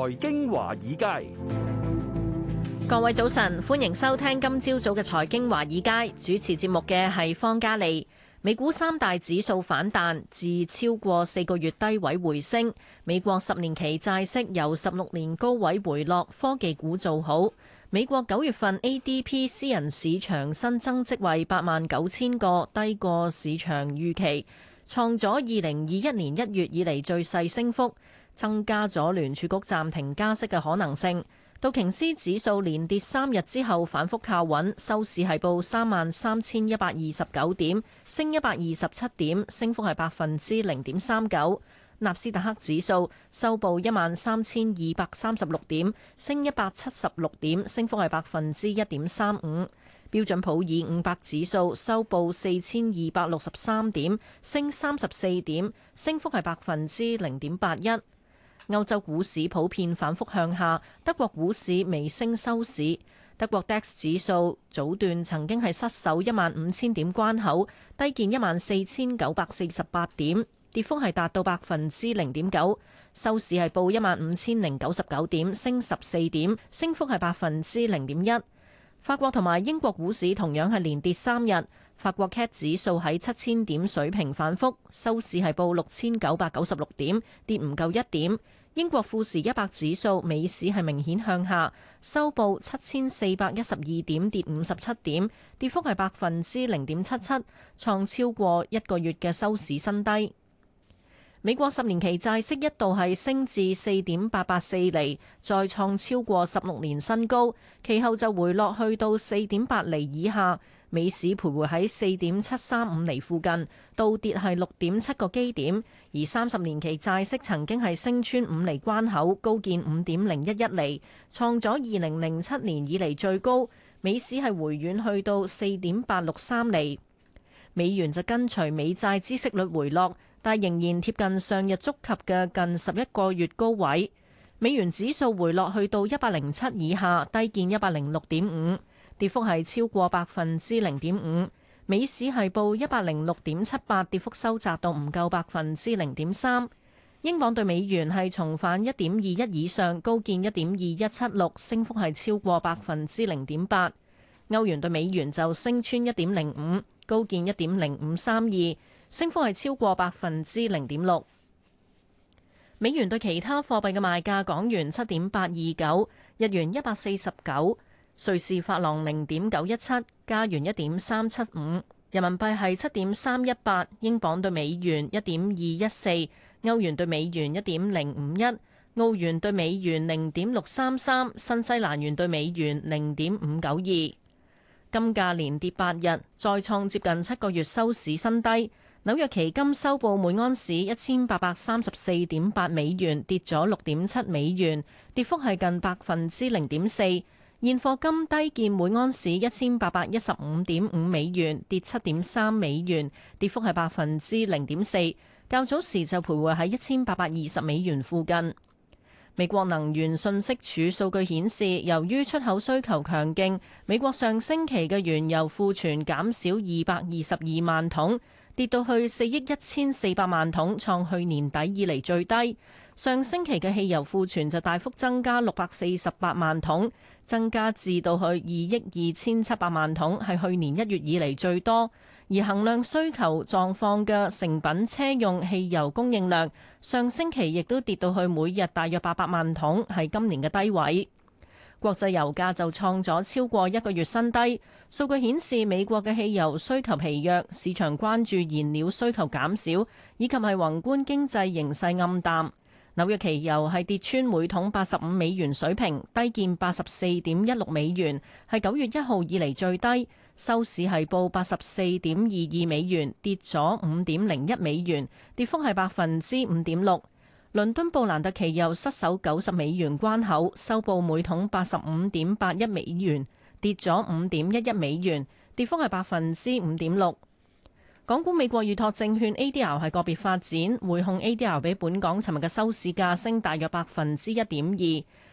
財經華爾街，各位早晨，歡迎收聽今朝早嘅財經華爾街。主持節目嘅係方嘉利。美股三大指數反彈，至超過四個月低位回升。美國十年期債息由十六年高位回落。科技股做好。美國九月份 ADP 私人市場新增職位八萬九千個，低過市場預期。創咗二零二一年一月以嚟最細升幅，增加咗聯儲局暫停加息嘅可能性。道瓊斯指數連跌三日之後，反覆靠穩，收市係報三萬三千一百二十九點，升一百二十七點，升幅係百分之零點三九。納斯達克指數收報一萬三千二百三十六點，升一百七十六點，升幅係百分之一點三五。標準普爾五百指數收報四千二百六十三點，升三十四點，升幅係百分之零點八一。歐洲股市普遍反覆向下，德國股市微升收市。德國 DAX 指數早段曾經係失守一萬五千點關口，低見一萬四千九百四十八點，跌幅係達到百分之零點九，收市係報一萬五千零九十九點，升十四點，升幅係百分之零點一。法國同埋英國股市同樣係連跌三日。法國 CAC 指數喺七千點水平反覆，收市係報六千九百九十六點，跌唔夠一點。英國富時一百指數尾市係明顯向下，收報七千四百一十二點，跌五十七點，跌幅係百分之零點七七，創超過一個月嘅收市新低。美國十年期債息一度係升至四點八八四厘，再創超過十六年新高。其後就回落去到四點八厘以下，美市徘徊喺四點七三五厘附近，倒跌係六點七個基點。而三十年期債息曾經係升穿五厘關口，高見五點零一一厘，創咗二零零七年以嚟最高。美市係回軟去到四點八六三厘，美元就跟隨美債孳息率回落。但仍然貼近上日觸及嘅近十一個月高位。美元指數回落去到一百零七以下，低見一百零六點五，跌幅係超過百分之零點五。美市係報一百零六點七八，跌幅收窄到唔夠百分之零點三。英鎊對美元係重返一點二一以上，高見一點二一七六，升幅係超過百分之零點八。歐元對美元就升穿一點零五，高見一點零五三二。升幅係超過百分之零點六。美元對其他貨幣嘅賣價：港元七點八二九，日元一百四十九，瑞士法郎零點九一七，加元一點三七五，人民幣係七點三一八，英鎊對美元一點二一四，歐元對美元一點零五一，澳元對美元零點六三三，新西蘭元對美元零點五九二。金價連跌八日，再創接近七個月收市新低。紐約期金收報每盎司一千八百三十四點八美元，跌咗六點七美元，跌幅係近百分之零點四。現貨金低見每盎司一千八百一十五點五美元，跌七點三美元，跌幅係百分之零點四。較早時就徘徊喺一千八百二十美元附近。美國能源信息署數據顯示，由於出口需求強勁，美國上星期嘅原油庫存減少二百二十二萬桶。跌到去四億一千四百萬桶，創去年底以嚟最低。上星期嘅汽油庫存就大幅增加六百四十八萬桶，增加至到去二億二千七百萬桶，係去年一月以嚟最多。而衡量需求狀況嘅成品車用汽油供應量，上星期亦都跌到去每日大約八百萬桶，係今年嘅低位。國際油價就創咗超過一個月新低。數據顯示美國嘅汽油需求疲弱，市場關注燃料需求減少，以及係宏觀經濟形勢暗淡。紐約期油係跌穿每桶八十五美元水平，低見八十四點一六美元，係九月一號以嚟最低。收市係報八十四點二二美元，跌咗五點零一美元，跌幅係百分之五點六。倫敦布蘭特期油失守九十美元關口，收報每桶八十五點八一美元，跌咗五點一一美元，跌幅係百分之五點六。港股美國預託證券 ADR 係個別發展，匯控 ADR 比本港尋日嘅收市價升大約百分之一點二，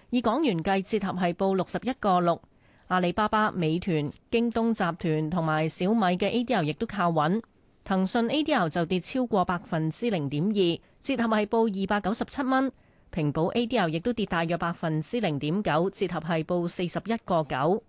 以港元計，折合係報六十一個六。阿里巴巴、美團、京東集團同埋小米嘅 ADR 亦都靠穩。騰訊 ADR 就跌超過百分之零點二，折合係報二百九十七蚊。平保 ADR 亦都跌大約百分之零點九，折合係報四十一個九。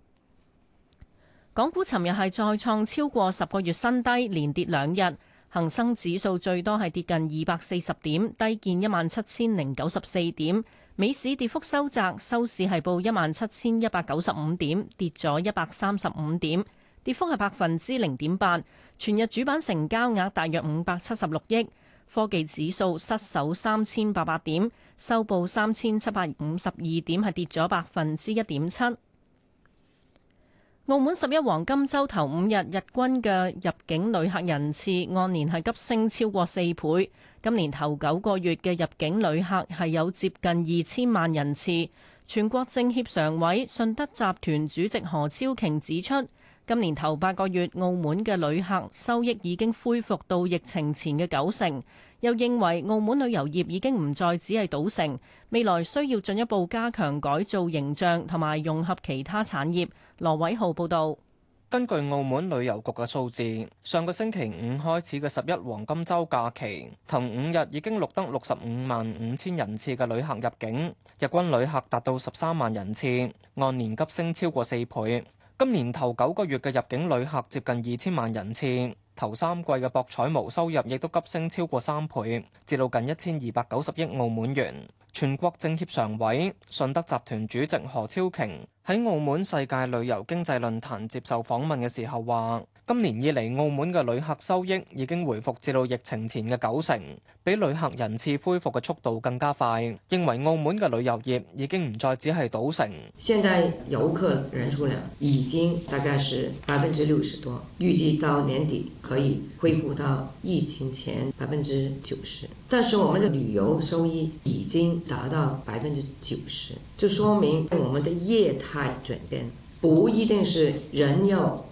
港股尋日係再創超過十個月新低，連跌兩日。恒生指數最多係跌近二百四十點，低見一萬七千零九十四點。美市跌幅收窄，收市係報一萬七千一百九十五點，跌咗一百三十五點。跌幅係百分之零點八，全日主板成交額大約五百七十六億。科技指數失守三千八百點，收報三千七百五十二點，係跌咗百分之一點七。澳門十一黃金週頭五日日均嘅入境旅客人次按年係急升超過四倍，今年頭九個月嘅入境旅客係有接近二千萬人次。全國政協常委信德集團主席何超瓊指出，今年頭八個月，澳門嘅旅客收益已經恢復到疫情前嘅九成。又認為澳門旅遊業已經唔再只係賭城，未來需要進一步加強改造形象同埋融合其他產業。羅偉浩報導。根據澳門旅遊局嘅數字，上個星期五開始嘅十一黃金週假期，同五日已經錄得六十五萬五千人次嘅旅客入境，日均旅客達到十三萬人次，按年急升超過四倍。今年頭九個月嘅入境旅客接近二千萬人次，頭三季嘅博彩毛收入亦都急升超過三倍，至到近一千二百九十億澳門元。全國政協常委、信德集團主席何超瓊喺澳門世界旅遊經濟論壇接受訪問嘅時候話。今年以嚟，澳門嘅旅客收益已經回復至到疫情前嘅九成，比旅客人次恢復嘅速度更加快。認為澳門嘅旅遊業已經唔再只係賭城。現在遊客人數量已經大概是百分之六十多，預計到年底可以恢復到疫情前百分之九十。但是我們的旅遊收益已經達到百分之九十，就說明我們的業態轉變，不一定是人要，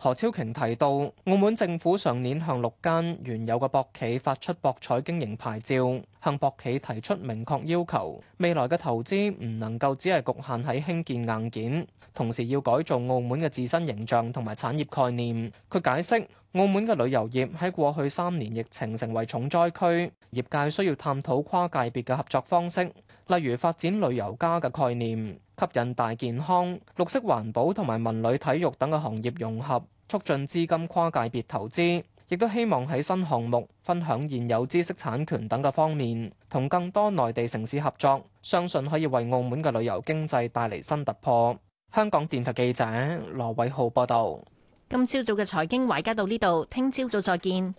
何超瓊提到，澳門政府上年向六間原有嘅博企發出博彩經營牌照，向博企提出明確要求，未來嘅投資唔能夠只係局限喺興建硬件，同時要改造澳門嘅自身形象同埋產業概念。佢解釋，澳門嘅旅遊業喺過去三年疫情成為重災區，業界需要探討跨界別嘅合作方式。例如發展旅遊家嘅概念，吸引大健康、綠色環保同埋文旅體育等嘅行業融合，促進資金跨界別投資，亦都希望喺新項目、分享現有知識產權等嘅方面，同更多內地城市合作，相信可以為澳門嘅旅遊經濟帶嚟新突破。香港電台記者羅偉浩報道。今朝早嘅財經華爾街到呢度，聽朝早再見。